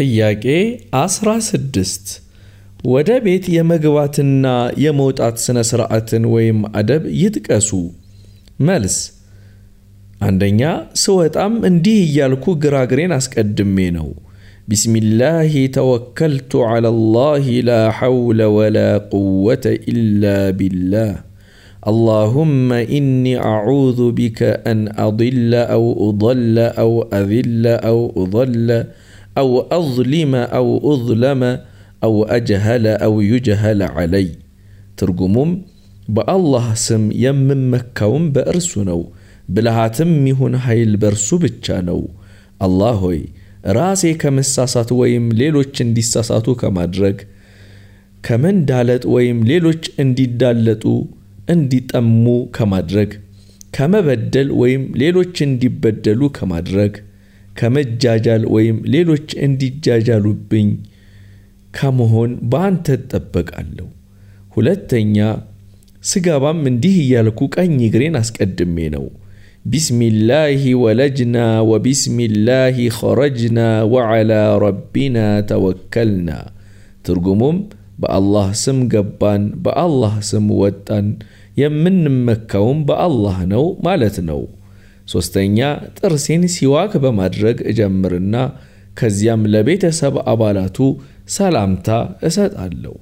ጥያቄ 16 ወደ ቤት የመግባትና የመውጣት ሥነ ሥርዓትን ወይም አደብ ይጥቀሱ። መልስ አንደኛ ስወጣም እንዲህ እያልኩ ግራግሬን አስቀድሜ ነው። ቢስሚላሂ ተወከልቱ ዐላ ላህ ላ ሐውለ ወላ ቁወተ ኢላ ቢላህ اللهم إني أعوذ بك أن أضل أو أضل أو أذل أو أضل, أو أضل أو أظلم أو أظلم أو أجهل أو يجهل علي ترجموم بأله سم يمم مكاوم بأرسنو بلهاتم ميهون هاي البرسو بتشانو الله هوي ራሴ ከመሳሳት ወይም ሌሎች እንዲሳሳቱ ከማድረግ ከመንዳለጥ ወይም ሌሎች እንዲዳለጡ እንዲጠሙ ከማድረግ ከመበደል ወይም ሌሎች እንዲበደሉ ከማድረግ ከመጃጃል ወይም ሌሎች እንዲጃጃሉብኝ ከመሆን በአንተ እጠበቃለሁ። ሁለተኛ ስጋባም እንዲህ እያልኩ ቀኝ እግሬን አስቀድሜ ነው። ቢስሚላሂ ወለጅና ወቢስሚላሂ ኸረጅና ወዓላ ረቢና ተወከልና። ትርጉሙም በአላህ ስም ገባን፣ በአላህ ስም ወጣን፣ የምንመካውም በአላህ ነው ማለት ነው። ሶስተኛ ጥርሴን ሲዋክ በማድረግ እጀምርና ከዚያም ለቤተሰብ አባላቱ ሰላምታ እሰጣለሁ።